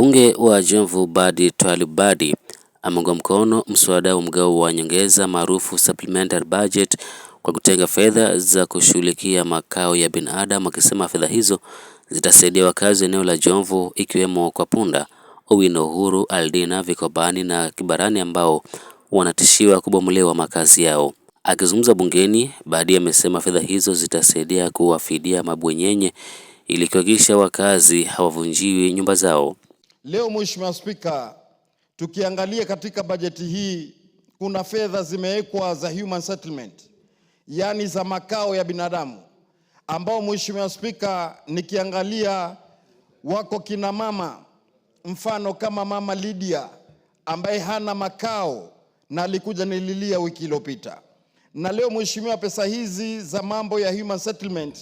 Mbunge wa Jomvu Badi Twalib Badi ameunga mkono mswada wa mgao wa nyongeza maarufu supplementary budget kwa kutenga fedha za kushughulikia makao ya binadamu, akisema fedha hizo zitasaidia wakazi eneo la Jomvu ikiwemo kwa punda Owino Uhuru, Aldina, Vikobani na Kibarani ambao wanatishiwa kubomolewa makazi yao. Akizungumza bungeni, Badi amesema fedha hizo zitasaidia kuwafidia mabwenyenye ili kuhakikisha wakazi hawavunjiwi nyumba zao. Leo Mheshimiwa Spika, tukiangalia katika bajeti hii kuna fedha zimewekwa za human settlement, yaani za makao ya binadamu, ambao Mheshimiwa Spika, nikiangalia wako kina mama, mfano kama mama Lydia ambaye hana makao na alikuja nililia wiki iliyopita, na leo Mheshimiwa, pesa hizi za mambo ya human settlement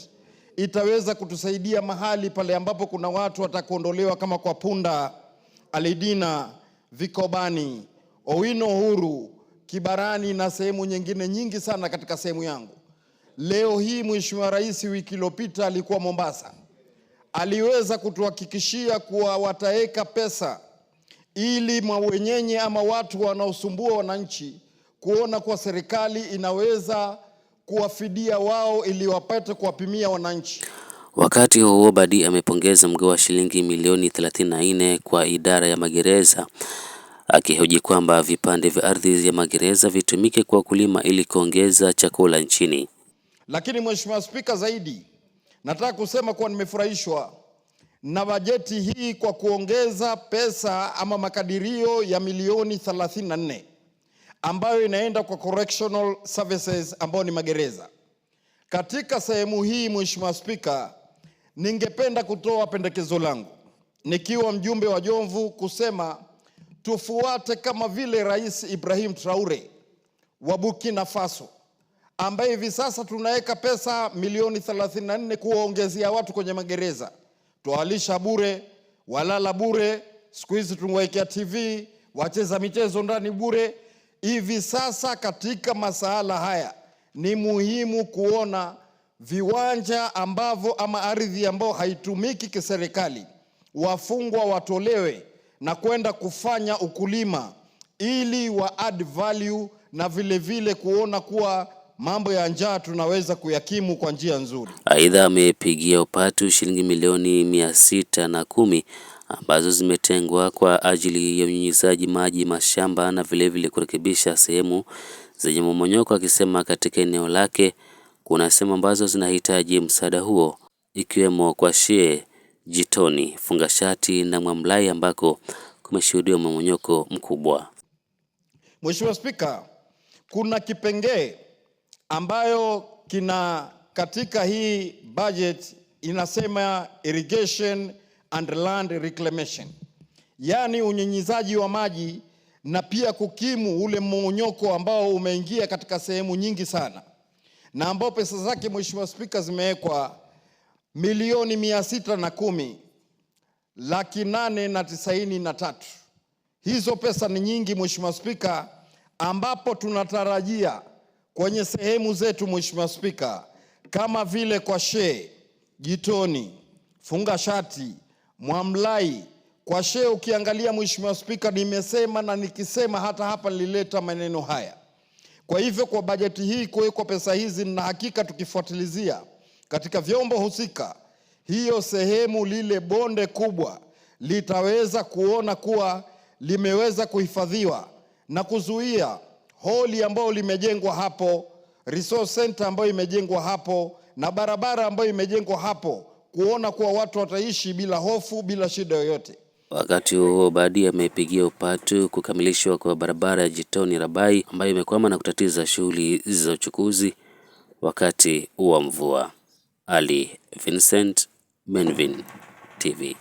itaweza kutusaidia mahali pale ambapo kuna watu watakuondolewa kama kwa punda Alidina, Vikobani, Owino Huru, Kibarani na sehemu nyingine nyingi sana katika sehemu yangu. Leo hii Mheshimiwa Rais wiki iliyopita alikuwa Mombasa, aliweza kutuhakikishia kuwa wataweka pesa ili mawenyenye ama watu wanaosumbua wananchi kuona kuwa serikali inaweza kuwafidia wao ili wapate kuwapimia wananchi. Wakati huo Badi amepongeza mgao wa shilingi milioni 34 kwa idara ya magereza akihoji kwamba vipande vya ardhi ya magereza vitumike kwa kulima ili kuongeza chakula nchini. Lakini Mheshimiwa Spika, zaidi nataka kusema kuwa nimefurahishwa na bajeti hii kwa kuongeza pesa ama makadirio ya milioni 34 ambayo inaenda kwa correctional services ambayo ni magereza. Katika sehemu hii Mheshimiwa Spika, Ningependa kutoa pendekezo langu nikiwa mjumbe wa Jomvu kusema tufuate kama vile Rais Ibrahim Traore wa Burkina Faso ambaye hivi sasa tunaweka pesa milioni 34 kuwaongezea watu kwenye magereza. Twawalisha bure, walala bure, siku hizi tunawekea TV, wacheza michezo ndani bure. Hivi sasa katika masahala haya ni muhimu kuona viwanja ambavyo ama ardhi ambayo haitumiki kiserikali, wafungwa watolewe na kwenda kufanya ukulima ili wa add value na vile vile kuona kuwa mambo ya njaa tunaweza kuyakimu kwa njia nzuri. Aidha, amepigia upatu shilingi milioni mia sita na kumi ambazo zimetengwa kwa ajili ya unyunyizaji maji mashamba na vilevile kurekebisha sehemu zenye momonyoko, akisema katika eneo lake kuna sehemu ambazo zinahitaji msaada huo ikiwemo kwa shie, jitoni, fungashati na mwamlai ambako kumeshuhudiwa mmomonyoko mkubwa. Mheshimiwa Spika, kuna kipengee ambayo kina katika hii budget inasema irrigation and land reclamation, yaani unyinyizaji wa maji na pia kukimu ule mmomonyoko ambao umeingia katika sehemu nyingi sana na ambao pesa zake Mheshimiwa Spika zimewekwa milioni mia sita na kumi laki nane na tisaini na tatu. Hizo pesa ni nyingi Mheshimiwa Spika, ambapo tunatarajia kwenye sehemu zetu Mheshimiwa Spika, kama vile kwa shee Jitoni, funga shati, Mwamlai kwa shee. Ukiangalia Mheshimiwa Spika, nimesema na nikisema hata hapa nilileta maneno haya kwa hivyo kwa bajeti hii kuwekwa pesa hizi, na hakika tukifuatilizia katika vyombo husika, hiyo sehemu lile bonde kubwa litaweza kuona kuwa limeweza kuhifadhiwa na kuzuia holi ambayo limejengwa hapo, resource center ambayo imejengwa hapo, na barabara ambayo imejengwa hapo, kuona kuwa watu wataishi bila hofu, bila shida yoyote. Wakati huo baadhi yamepigia upatu kukamilishwa kwa barabara ya Jitoni Rabai ambayo imekwama na kutatiza shughuli za uchukuzi wakati wa mvua. Ali Vincent, Benvin TV.